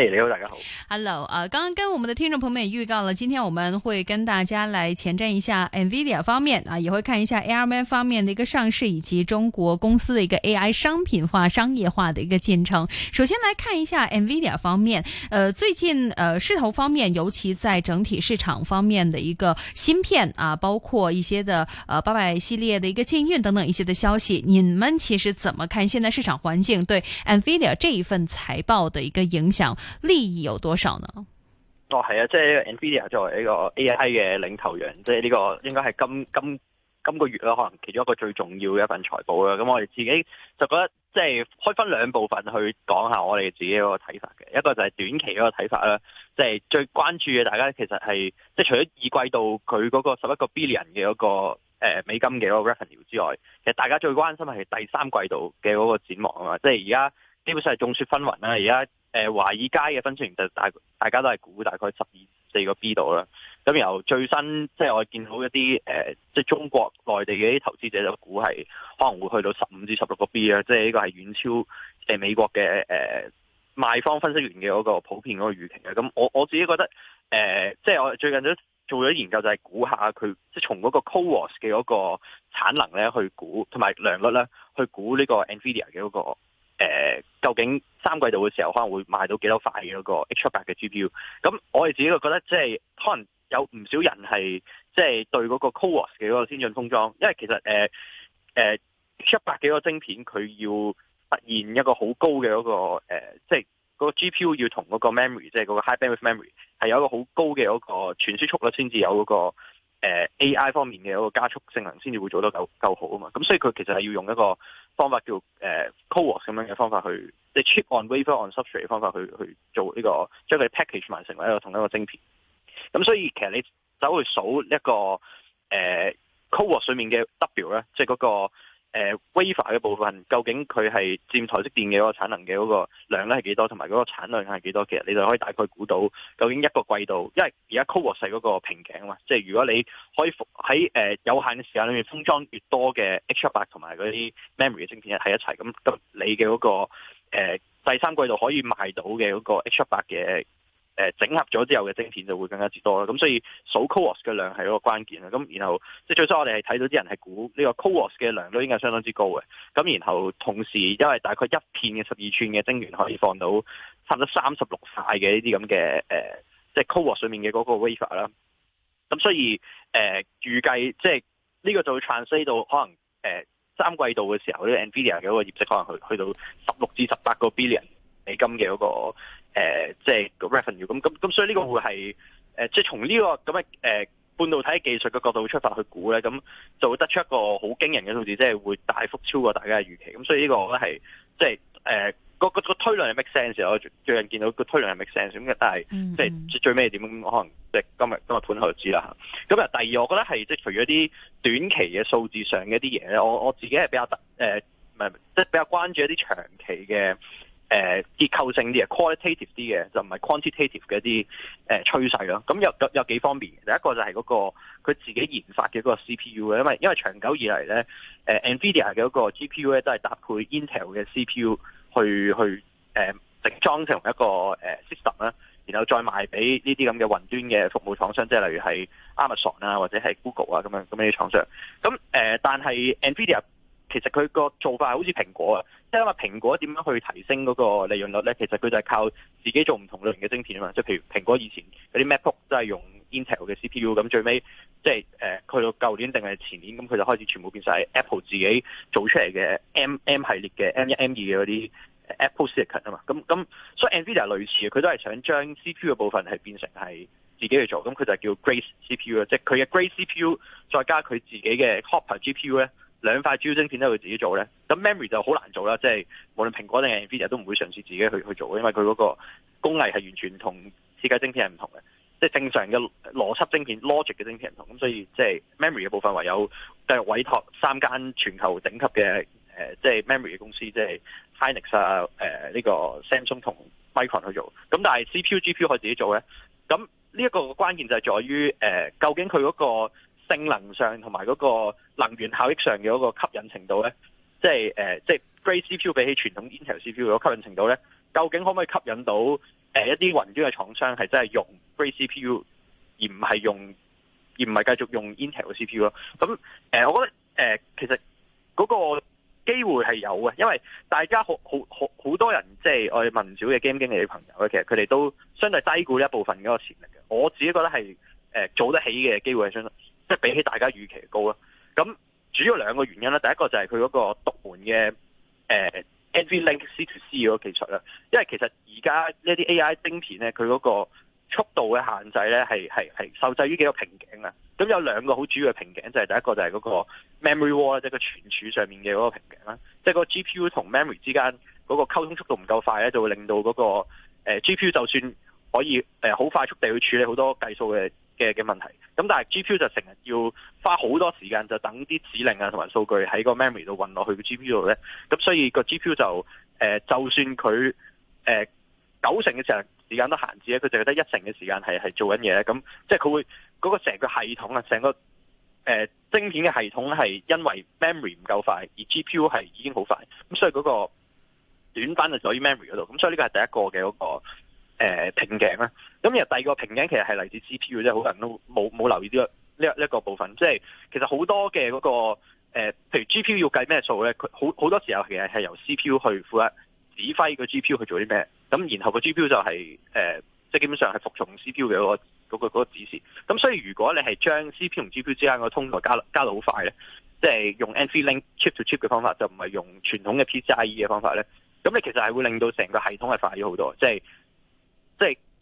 誒，你好，大家好，Hello，啊、uh,，剛剛跟我們的聽眾朋友們也預告了，今天我們會跟大家來前瞻一下 Nvidia 方面啊，也會看一下 ARM 方面的一個上市以及中國公司的一個 AI 商品化、商業化的一個進程。首先來看一下 Nvidia 方面，呃，最近呃勢頭方面，尤其在整體市場方面的一個芯片啊，包括一些的呃八百系列的一個禁運等等一些的消息，你們其實怎麼看現在市場環境對 Nvidia 這一份財報的一個影響？利益有多少呢？哦，係啊，即係 Nvidia 作為一個 AI 嘅領頭羊，即係呢個應該係今今今個月啦，可能其中一個最重要嘅一份財報啦。咁我哋自己就覺得，即係開分兩部分去講下我哋自己嗰個睇法嘅。一個就係短期嗰個睇法啦，即係最關注嘅大家，其實係即係除咗二季度佢嗰個十一個 billion 嘅嗰個誒美金嘅嗰個 revenue 之外，其實大家最關心係第三季度嘅嗰個展望啊嘛。即係而家基本上係眾說紛紜啦，嗯，而家。誒華爾街嘅分析員就大大家都係估大概十二四個 B 度啦，咁由最新即係、就是、我見到一啲即係中國內地嘅啲投資者就估係可能會去到十五至十六個 B 啦。即係呢個係遠超美國嘅誒賣方分析員嘅嗰個普遍嗰個預期。咁我我自己覺得即係、呃就是、我最近都做咗研究就係估下佢即係從嗰個 CoWoS 嘅嗰個產能咧去估，同埋良率咧去估呢個 Nvidia 嘅嗰、那個。誒、呃，究竟三季度嘅時候可能會賣到幾多塊嘅嗰個 H 一百嘅 GPU？咁我哋自己就覺得、就是，即係可能有唔少人係即係對嗰個 CoWoS 嘅嗰個先進封裝，因為其實誒誒 H 一百幾個晶片，佢要實現一個好高嘅嗰、那個即係嗰個 GPU 要同嗰個 memory，即係嗰個 high bandwidth memory，係有一個好高嘅嗰個傳輸速率先至有嗰、那個。誒 AI 方面嘅個加速性能先至會做得夠，夠好啊嘛，咁所以佢其實係要用一個方法叫 CoWoS 咁樣嘅方法去，即、 就是、chip-on-wafer-on-substrate 方法去去做呢、這個將佢 package 埋成為一個同一個晶片。咁所以其實你走去數一個 CoWoS 上面嘅 W 咧，即係嗰個。誒 Wafer 嘅部分，究竟佢係佔台積電嘅嗰個產能嘅嗰個量咧係幾多少，同埋嗰個產量係幾多？其實你就可以大概估到，究竟一個季度，因為而家 CoWoS 嗰個瓶頸啊嘛，即係如果你可以喺誒有限嘅時間裏面封裝越多嘅 H 八同埋嗰啲 Memory 芯片喺一齊，咁咁你嘅嗰、嗰個、呃、第三季度可以賣到嘅嗰個 H 八嘅。誒、呃、整合咗之後嘅晶片就會更加之多啦，咁所以數 CoWoS 嘅量係一個關鍵啦。咁然後即係最初我哋係睇到啲人係估呢個 CoWoS 嘅量都應該係相當之高嘅。咁然後同時因為大概一片嘅十二寸嘅晶圓可以放到差唔多三十六塊嘅呢啲咁嘅誒，即係 CoWoS 上面嘅嗰個 Wafer 啦。咁所以誒預計即係呢個就會 translate 到可能誒、呃、三季度嘅時候，呢、這個、Nvidia 嘅嗰個業績可能去去到十六至十八個 billion 美金嘅嗰個。誒、呃，即係個 Revenue 咁，咁咁，所以呢個會係即係從呢個咁嘅、呃、半導體技術嘅角度出發去估咧，咁就會得出一個好驚人嘅數字，即、就、係、是、會大幅超過大家嘅預期。咁所以呢個、就是呃 sense, 我, sense, 嗯嗯、我覺得係即係誒，個個推論係 make sense。我最近見到個推論係 make sense。咁但係即係最尾點樣，我可能即係今日今日盤後就知啦。咁啊，第二我覺得係即係除咗啲短期嘅數字上嘅一啲嘢咧，我我自己係比較突唔係即係比較關注一啲長期嘅。誒結構性啲嘅，qualitative 啲嘅，就唔係 quantitative 嘅一啲誒趨勢咯。咁有有幾幾方面，第一個就係嗰、那個佢自己研發嘅嗰個 CPU 嘅，因為因為長久以嚟咧，Nvidia 嘅嗰個 GPU 咧都係搭配 Intel 嘅 CPU 去去誒、呃、整裝成一個 system 啦，然後再賣俾呢啲咁嘅雲端嘅服務廠商，即係例如係 Amazon 啊或者係 Google 啊咁樣咁樣啲廠商。咁誒、呃，但係 Nvidia。其實佢個做法係好似蘋果啊，即係因為蘋果點樣去提升嗰個利潤率咧？其實佢就係靠自己做唔同類型嘅晶片啊嘛。即係譬如蘋果以前嗰啲 MacBook 都係用 Intel 嘅 CPU，咁最尾即係誒去到舊年定係前年，咁佢就開始全部變晒 Apple 自己做出嚟嘅 M M 系列嘅 M 一 M 二嘅嗰啲 Apple Silicon 啊嘛。咁咁所以 NVIDIA 類似佢都係想將 CPU 嘅部分係變成係自己去做，咁佢就叫 Grace CPU 啊，即係佢嘅 Grace CPU 再加佢自己嘅 Hopper GPU 咧。兩塊超晶片都係佢自己做咧，咁 memory 就好難做啦，即係無論蘋果定係 Nvidia 都唔會嘗試自己去去做，因為佢嗰個工藝係完全同設計晶片係唔同嘅，即係正常嘅邏輯晶片 logic 嘅晶片唔同，咁所以即係 memory 嘅部分唯有繼續委託三間全球頂級嘅即係 memory 嘅公司，即係 Hynix 啊，呢、啊這個 Samsung 同 Micron 去做，咁但係 CPU、GPU 可以自己做咧，咁呢一個關鍵就係在於、啊、究竟佢嗰個。性能上同埋嗰個能源效益上嘅嗰個吸引程度呢，即係即係 Grace CPU 比起傳統 Intel CPU 嗰吸引程度呢，究竟可唔可以吸引到誒、呃、一啲雲端嘅廠商係真係用 Grace CPU 而唔係用而唔係繼續用 Intel CPU 咯？咁誒、呃，我覺得誒、呃，其實嗰個機會係有嘅，因為大家好好好多人即係我哋問少嘅 game 經理朋友呢，其實佢哋都相對低估一部分嗰個潛力嘅。我自己覺得係誒、呃、做得起嘅機會係相。即係比起大家預期高咯，咁主要兩個原因啦。第一個就係佢嗰個獨門嘅誒、呃、NVLink C to C 嗰個技術啦，因為其實而家呢啲 AI 晶片咧，佢嗰個速度嘅限制咧，係係係受制於幾個瓶頸啊。咁有兩個好主要嘅瓶頸就係、是、第一個就係嗰個 memory wall，即係個存儲上面嘅嗰個瓶頸啦，即、就、係、是、個 GPU 同 memory 之間嗰個溝通速度唔夠快咧，就會令到嗰、那個、呃、GPU 就算可以好、呃、快速地去處理好多計數嘅。嘅嘅問題，咁但係 GPU 就成日要花好多時間，就等啲指令啊同埋數據喺個 memory 度運落去個 GPU 度咧，咁所以個 GPU 就、呃、就算佢、呃、九成嘅時間都閒置咧，佢淨係得一成嘅時間係係做緊嘢咧，咁即係佢會嗰、嗰個成個系統啊，成個誒、呃、晶片嘅系統係因為 memory 唔夠快，而 GPU 係已經好快，咁所以嗰個短板就喺 memory 嗰度，咁所以呢個係第一個嘅嗰、嗰個。誒、呃、瓶頸啦，咁、嗯、第二個瓶頸其實係嚟自 GPU，即係好多人都冇冇留意呢、這個呢一、這個這個部分。即係其實好多嘅嗰、那個、呃、譬如 GPU 要計咩數咧，佢好好多時候其實係由 CPU 去負責指揮個 GPU 去做啲咩，咁、嗯、然後個 GPU 就係、是、誒、呃，即係基本上係服從 CPU 嘅嗰、那個嗰、那個那個、指示。咁、嗯、所以如果你係將 CPU 同 GPU 之間個通路加加到好快咧，即係用 NVLink chip to chip 嘅方法，就唔係用傳統嘅 PCIe 嘅方法咧，咁你其實係會令到成個系統係快咗好多，即係。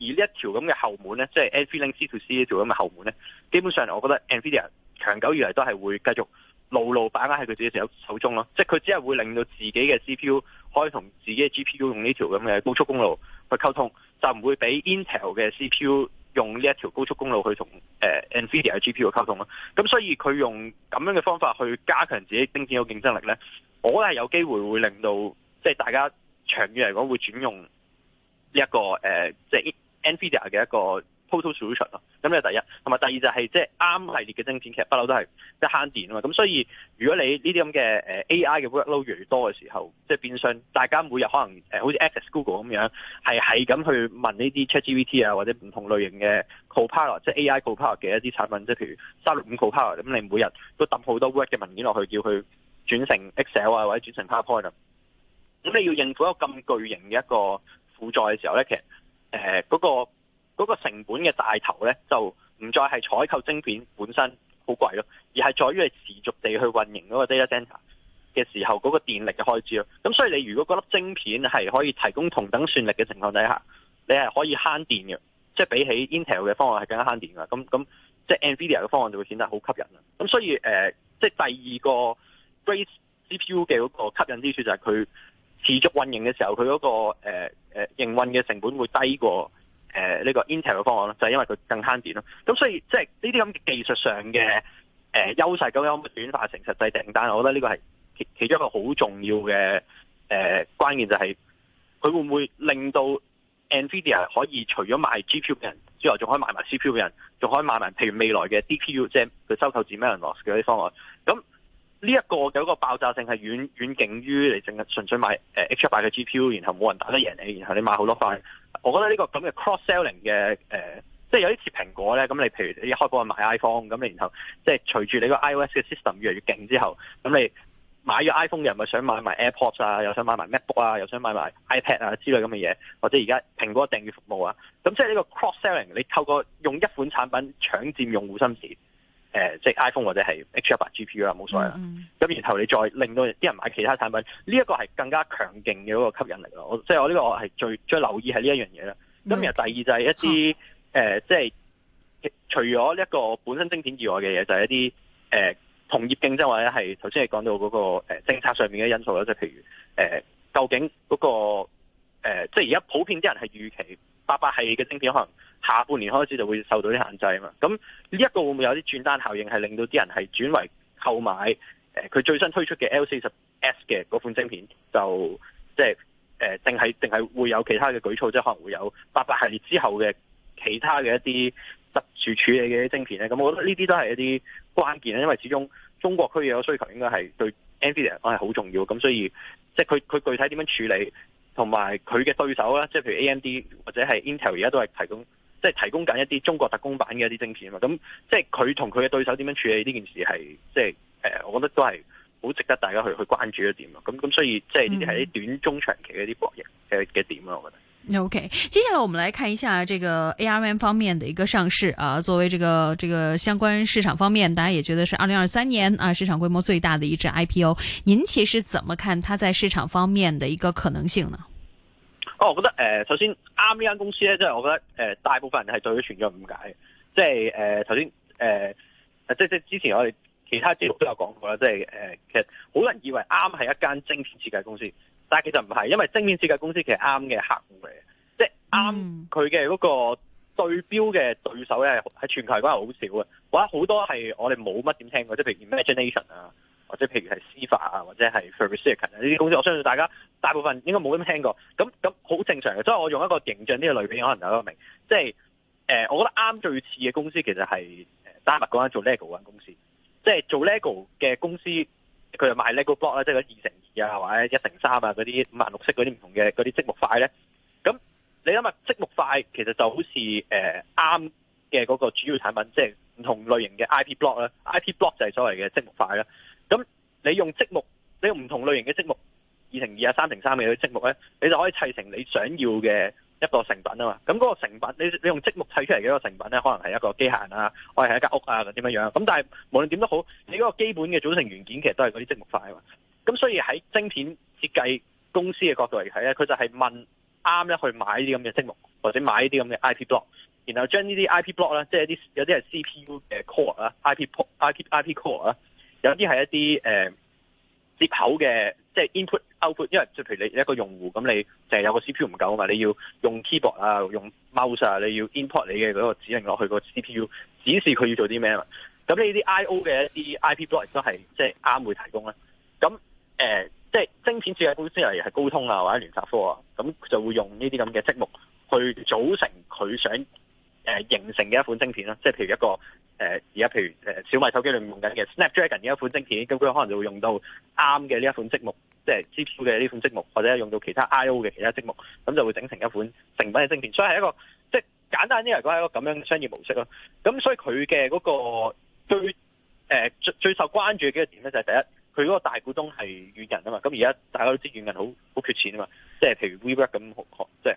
而呢一條咁嘅後門咧，即係 NVLink C to C 呢條咁嘅後門咧，基本上我覺得 NVIDIA 長久以嚟都係會繼續牢牢把握喺佢自己手手中咯。即係佢只係會令到自己嘅 CPU 可以同自己嘅 GPU 用呢條咁嘅高速公路去溝通，就唔會俾 Intel 嘅 CPU 用呢一條高速公路去同誒 NVIDIA 嘅 GPU 溝通咯。咁所以佢用咁樣嘅方法去加強自己芯片嘅競爭力咧，我覺得係有機會會令到即係、就是、大家長遠嚟講會轉用呢、這、一個誒，即、呃、係。就是 Nvidia 嘅一個 product solution 咯，咁呢個第一，同埋第二就係、是、即係啱系列嘅晶片劇，不嬲都係即係慳電啊嘛。咁所以如果你呢啲咁嘅 AI 嘅 workload 越嚟越多嘅時候，即係變相大家每日可能好似 Access Google 咁樣，係係咁去問呢啲 ChatGPT 啊，或者唔同類型嘅 Copilot 即係 AI Copilot 嘅一啲產品，即係譬如三六五 Copilot 咁，你每日都揼好多 work 嘅文件落去，叫佢轉成 Excel 啊，或者轉成 PowerPoint，咁、啊、你要應付一個咁巨型嘅一個負載嘅時候咧，其實～誒、呃、嗰、那個嗰、那個成本嘅大頭咧，就唔再係採購晶片本身好貴咯，而係在於係持續地去運營嗰個 data center 嘅時候，嗰、那個電力嘅開支咯。咁所以你如果嗰粒晶片係可以提供同等算力嘅情況底下，你係可以慳電嘅，即係比起 Intel 嘅方案係更加慳電㗎。咁咁即係 Nvidia 嘅方案就會顯得好吸引啦。咁所以誒、呃，即係第二個 Grace CPU 嘅嗰個吸引之處就係佢持續運營嘅時候佢嗰、那個、呃營運嘅成本會低過誒呢、呃這個 Intel 嘅方案咯，就係，因為佢更慳電咯。咁所以即係呢啲咁嘅技術上嘅誒優勢，究竟會轉化成實際訂單，我覺得呢個係其其中一個好重要嘅誒、呃、關鍵，就係佢會唔會令到 Nvidia 可以除咗賣 GPU 嘅人之外，仲可以賣埋 CPU 嘅人，仲可以賣埋譬如未來嘅 DPU 即係佢收購自 Mellanox 嘅啲方案咁。呢、這個、一個嘅個爆炸性係遠遠勁遠於你淨係純粹買誒 H 100嘅 GPU，然後冇人打得贏你，然後你買好多塊。我覺得蘋果呢個咁嘅 cross selling 嘅誒，即係有啲似蘋果咧。咁你譬如你開去買 iPhone，咁你然後即係隨住你個 iOS 嘅 system 越嚟越勁之後，咁你買咗 iPhone 又咪想買埋 AirPods 啊，又想買埋 MacBook 啊，又想買埋 iPad 啊之類咁嘅嘢，或者而家蘋果嘅訂閱服務啊，咁即係呢個 cross selling，你透過用一款產品搶佔用戶心事。誒、呃，即係 iPhone 或者係 H 1 8 GPU 啦，冇所謂啦。咁、mm-hmm. 然後你再令到啲人買其他產品，呢、這、一個係更加強勁嘅嗰個吸引力咯。我即係我呢個係最最留意係呢一樣嘢啦。咁然後第二就係一啲誒、mm-hmm. 呃，即係除咗一個本身晶片以外嘅嘢，就係、是、一啲誒、呃、同業競爭或者係頭先你講到嗰、那個、呃、政策上面嘅因素啦。即、就、係、是、譬如誒、呃，究竟嗰、那個、呃、即係而家普遍啲人係預期八百係嘅晶片可能。下半年開始就會受到啲限制啊嘛，咁呢一個會唔會有啲轉單效應，係令到啲人係轉為購買誒佢、呃、最新推出嘅 L 四十 S 嘅嗰款晶片？就即係誒定係定係會有其他嘅舉措，即係可能會有八百系列之後嘅其他嘅一啲特殊處理嘅晶片咧。咁我覺得呢啲都係一啲關鍵咧，因為始終中國區嘅需求應該係對 Nvidia 嚟講係好重要，咁所以即係佢佢具體點樣處理，同埋佢嘅對手啦，即係譬如 AMD 或者係 Intel 而家都係提供。即係提供緊一啲中國特供版嘅一啲晶片嘛，咁即係佢同佢嘅對手點樣處理呢件事係即係誒、呃，我覺得都係好值得大家去去關注一點咯。咁咁所以即係呢啲係啲短中長期嘅一啲博弈誒嘅點咯，我覺得。OK，接下來我們來看一下這個 ARM 方面嘅一個上市啊，作為這個這個相關市場方面，大家也覺得是二零二三年啊市場規模最大的一隻 IPO。您其實怎麼看它在市場方面嘅一個可能性呢？Oh, 我覺得誒，首先 ARM 呢間公司咧，即係我覺得誒、呃，大部分人係對佢存在誤解嘅，即係誒頭先誒，即即之前我哋其他節目都有講過啦，即係、呃、其實好多人以為 ARM 係一間芯片設計公司，但其實唔係，因為芯片設計公司其實 ARM 嘅客戶嚟嘅，即係 ARM 佢嘅嗰個對標嘅對手咧，喺全球嚟講係好少嘅，或者好多係我哋冇乜點聽過，即係譬如 Imagination 啊。即係譬如係司法啊，或者係 forensic 呢啲公司，我相信大家大部分應該冇咁聽過，咁咁好正常嘅。所以我用一個形象啲嘅類比，可能大家明。即係誒、呃，我覺得 ARM 最似嘅公司其實係丹麥嗰間做 lego 嗰間公司，即係做 lego 嘅公司，佢係賣 lego block 啦，即係嗰二乘二啊，或者一乘三啊，嗰啲五顏六色嗰啲唔同嘅嗰啲積木塊咧。咁你諗下積木塊其實就好似誒 ARM 嘅嗰個主要產品，即係唔同類型嘅 ip block 啦。ip block 就係所謂嘅積木塊啦。咁你用積木，你用唔同類型嘅積木，二乘二啊、三乘三嘅啲積木咧，你就可以砌成你想要嘅一個成品啊嘛。咁嗰個成品，你你用積木砌出嚟嘅一個成品咧，可能係一個機械人啊，或者係一間屋啊，咁點樣樣。咁但係無論點都好，你嗰個基本嘅組成元件其實都係嗰啲積木塊啊。咁所以喺晶片設計公司嘅角度嚟睇咧，佢就係問啱咧去買呢啲咁嘅積木，或者買呢啲咁嘅 IP block，然後將呢啲 IP block 咧，即係一啲有啲係 CPU 嘅 core 啊，IP IP IP core 啊。有啲係一啲誒、呃、接口嘅，即、就、係、是、input output，因為就譬如你一個用戶咁，你淨係有個 CPU 唔夠啊嘛，你要用 keyboard 啊，用 mouse 啊，你要 input 你嘅嗰個指令落去個 CPU 指示佢要做啲咩嘛。咁呢啲 I/O 嘅一啲 IP block 都係即係啱會提供啦。咁誒、呃就是，即係晶片設計公司例係高通啊或者聯發科啊，咁就會用呢啲咁嘅積木去組成佢想。誒形成嘅一款晶片咯，即係譬如一個誒而家譬如誒小米手機裏面用緊嘅 Snapdragon 嘅一款晶片，咁佢可能就會用到啱嘅呢一款積木，即係支付嘅呢款積木，或者用到其他 I/O 嘅其他積木，咁就會整成一款成品嘅晶片。所以係一個即係簡單啲嚟講係一個咁樣嘅商業模式咯。咁所以佢嘅嗰個最誒最、呃、最受關注嘅幾個點咧，就係第一，佢嗰個大股東係軟銀啊嘛。咁而家大家都知軟銀好好缺錢啊嘛。即係譬如 WeWork 咁，即係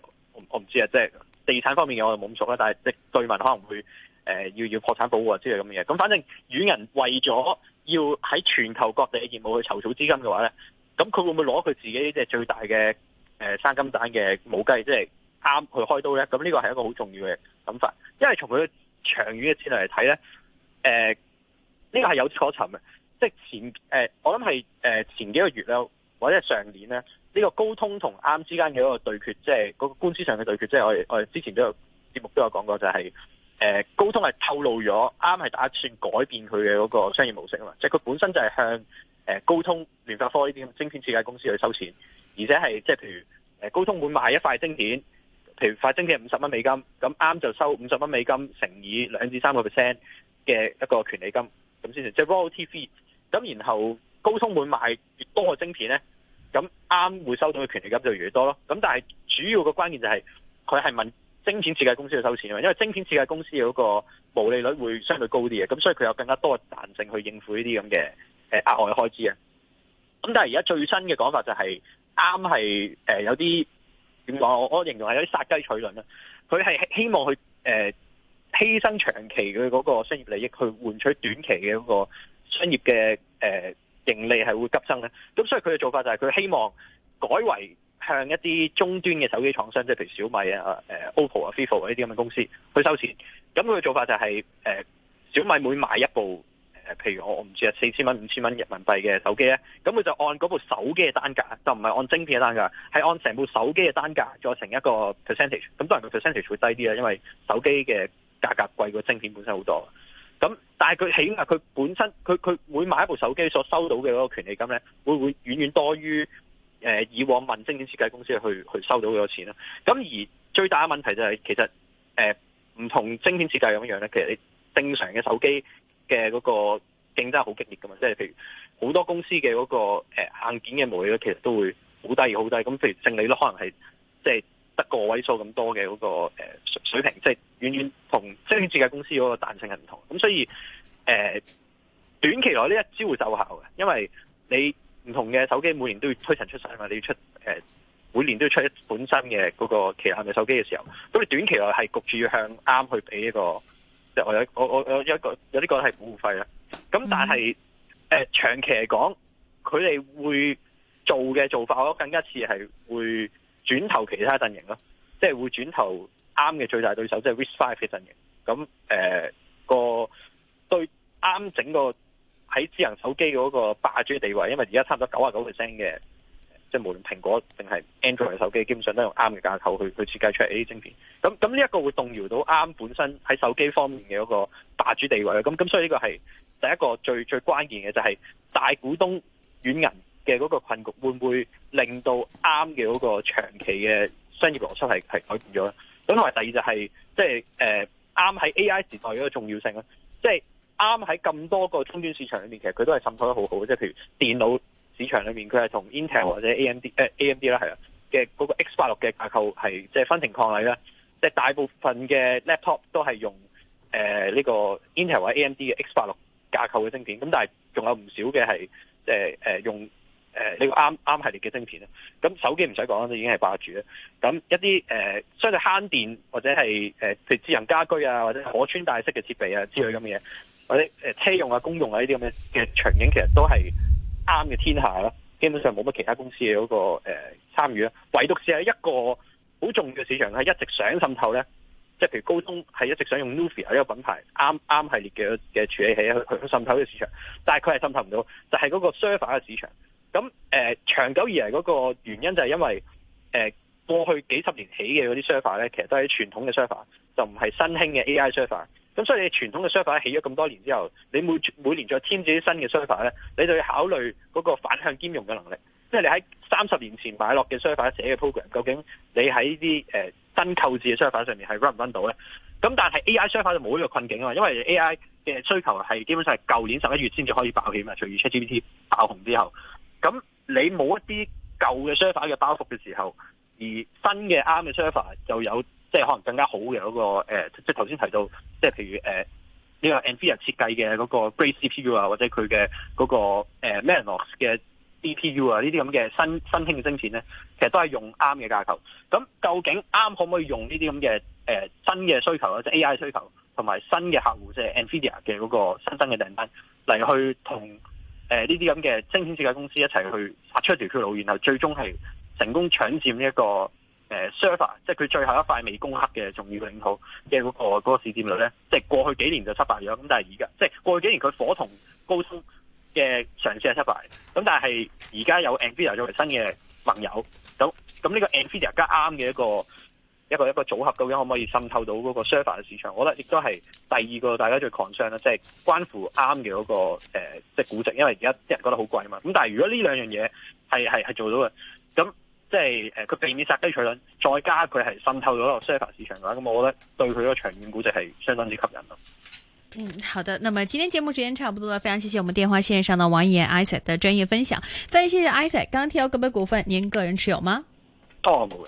我唔知啊，即係。地產方面嘅我就冇咁熟啦，但係即對民可能會誒、呃、要要破產保護啊之類咁嘅嘢。咁反正與人為咗要喺全球各地嘅業務去籌措資金嘅話咧，咁佢會唔會攞佢自己即係最大嘅、呃、生金蛋嘅母雞，即係啱去開刀咧？咁呢個係一個好重要嘅諗法，因為從佢長遠嘅戰略嚟睇咧，誒、呃、呢、呢個係有跡可尋嘅，即係前誒、呃、我諗係誒前幾個月咧，或者係上年咧。呢、這個高通同 ARM 之間嘅一個對決，即係嗰個官司上嘅對決，即、就、係、是、我哋我哋之前都有節目都有講過、就是，就係誒高通係透露咗 ARM 係打算改變佢嘅嗰個商業模式啊嘛，即係佢本身就係向誒高通、聯發科呢啲晶片設計公司去收錢，而且係即係譬如誒高通會賣一塊晶片，譬如塊晶片五十蚊美金，咁 ARM 就收五十蚊美金乘以兩至三個 percent 嘅一個權利金咁先成，即、就、係、是、Royalty。咁然後高通會賣越多嘅晶片咧。咁啱會收到嘅權利金就越嚟越多咯。咁但係主要個關鍵就係佢係問晶片設計公司去收錢啊嘛。因為晶片設計公司嗰個毛利率會相對高啲嘅，咁所以佢有更加多嘅彈性去應付呢啲咁嘅誒額外開支啊。咁但係而家最新嘅講法就係啱係有啲點講，我我形容係有啲殺雞取卵啦。佢係希望去誒犧牲長期嘅嗰個商業利益去換取短期嘅嗰個商業嘅誒。盈利係會急增咧，咁所以佢嘅做法就係佢希望改為向一啲終端嘅手機廠商，即係譬如小米啊、啊、OPPO 啊、vivo 啊呢啲咁嘅公司去收錢。咁佢嘅做法就係、誒、小米每賣一部、啊、譬如我我唔知啊四千蚊、五千蚊人民幣嘅手機咧，咁佢就按嗰部手機嘅單價，就唔係按晶片嘅單價，係按成部手機嘅單價做成一個 percentage。咁當然個 percentage 會低啲啦，因為手機嘅價格貴過晶片本身好多。咁，但係佢起碼佢本身，佢佢每買一部手機所收到嘅嗰個權利金咧，會唔會遠遠多於誒、呃、以往問晶片設計公司去去收到好多錢啦。咁、啊、而最大嘅問題就係、是、其實誒唔、呃、同晶片設計咁樣咧，其實你正常嘅手機嘅嗰個競爭好激烈噶嘛，即、就、係、是、譬如好多公司嘅嗰、那個、呃、硬件嘅模擬咧，其實都會好低好低。咁譬如勝利咧，可能係即係。就是得個位數咁多嘅嗰個誒水平，即、就、係、是、遠遠同即係設計公司嗰個彈性係唔同。咁所以誒、呃、短期內呢一招會奏效嘅，因為你唔同嘅手機每年都要推陳出世嘛，你要出誒、呃、每年都要出一本新嘅嗰個旗艦嘅手機嘅時候，咁你短期內係焗住要向啱去俾一個，即係我有我我有一個有啲覺得係保護費啦。咁但係誒、呃、長期嚟講，佢哋會做嘅做法，我更加似係會。轉投其他陣營咯，即係會轉投 ARM 嘅最大對手，即係 RISC-V 嘅陣營。咁誒個對 ARM 整個喺智能手機嗰個霸主地位，因為而家差唔多九啊九 percent 嘅，即係無論蘋果定係 Android 手機，基本上都用 ARM 嘅架構去去設計出嚟 A 晶片。咁咁呢一個會動搖到 ARM 本身喺手機方面嘅嗰個霸主地位。咁咁所以呢個係第一個最最關鍵嘅就係大股東軟銀。嘅、那、嗰個困局會唔會令到啱嘅嗰個長期嘅商業邏輯係改變咗咧？咁同埋第二就係即係啱喺 AI 時代嗰個重要性，即係啱喺咁多個中端市場裏面，其實佢都係滲透得好好，即係譬如電腦市場裏面，佢係同 Intel 或者 AMD、哦啊、AMD 啦係啊嘅嗰個 X 八六嘅架構係即係分庭抗嚟啦。即、就、係、是、大部分嘅 laptop 都係用呢、呃這個 Intel 或者 AMD 嘅 X 八六架構嘅晶片，咁但係仲有唔少嘅係即係用。誒、這、呢個 ARM 系列嘅晶片咧，咁手機唔使講啦，已經係霸主啦。咁一啲誒、呃、相對慳電或者係誒譬如智能家居啊，或者可穿戴式嘅設備啊之類咁嘅嘢，或者誒、呃、車用啊、公用啊呢啲咁嘅嘅場景，其實都係 ARM 嘅天下啦。基本上冇乜其他公司嘅嗰、那個誒參與，唯獨是係一個好重要嘅市場，係一直想滲透咧，即係譬如高通係一直想用 Nuvia 呢個品牌 ARM 系列嘅嘅處理器去去滲透呢個市場，但係佢係滲透唔到，就係、是、嗰個 server 嘅市場。咁誒、呃、長久而嚟嗰個原因就係因為誒、呃、過去幾十年起嘅嗰啲 server 咧，其實都係傳統嘅 server，就唔係新興嘅 AI server。咁所以你傳統嘅 server 起咗咁多年之後，你每每年再添置啲新嘅 server 咧，你就要考慮嗰個反向兼容嘅能力，即係你喺三十年前買落嘅 server 寫嘅 program，究竟你喺啲誒新購置嘅 server 上面係 run 唔 run 到咧？咁但係 AI server 就冇呢個困境啊嘛，因為 AI 嘅需求係基本上係舊年十一月先至可以爆起嘛，隨住 ChatGPT 爆紅之後。咁你冇一啲舊嘅 server 嘅包袱嘅時候，而新嘅 ARM 嘅 server 就有即係可能更加好嘅嗰、那個、呃、即係頭先提到，即係譬如誒呢、呃這個 NVIDIA 設計嘅嗰個 Grace CPU 啊，或者佢嘅嗰個、呃、Mellanox 嘅 DPU 啊，呢啲咁嘅新新興嘅晶片咧，其實都係用 ARM 嘅架構。咁究竟 ARM 可唔可以用呢啲咁嘅誒新嘅需求咧，即係 AI 需求同埋新嘅客戶，即、就、係、是、NVIDIA 嘅嗰個新增嘅訂單嚟去同？誒呢啲咁嘅精選設計公司一齊去殺出一條血路，然後最終係成功搶佔一個、這個誒、呃、server，即係佢最後一塊未攻克嘅重要領土嘅嗰、那個嗰、那個市佔率呢市佔率咧，即、就、係、是、過去幾年就失敗咗。咁但係而家即係過去幾年佢火同高通嘅嘗試係失敗，咁但係而家有 Nvidia 作為新嘅盟友，咁咁呢個 Nvidia 加啱嘅一個。一個一個組合究竟可唔可以滲透到嗰個 server 嘅市場？我覺得亦都係第二個大家最 concern 啦，即係關乎啱嘅嗰個誒、呃，即係估值，因為而家啲人覺得好貴嘛。咁但係如果呢兩樣嘢係係係做到嘅，咁即係誒，佢、就是呃、避免殺雞取卵，再加佢係滲透到個 server 市場嘅話，咁我覺得對佢個長遠估值係相當之吸引咯。嗯，好的。那麼今天節目時間差不多啦，非常謝謝我們電話線上嘅王逸研嘅專業分享，再謝 ISET 剛剛提到嘅股份，您個人持有嗎？當然唔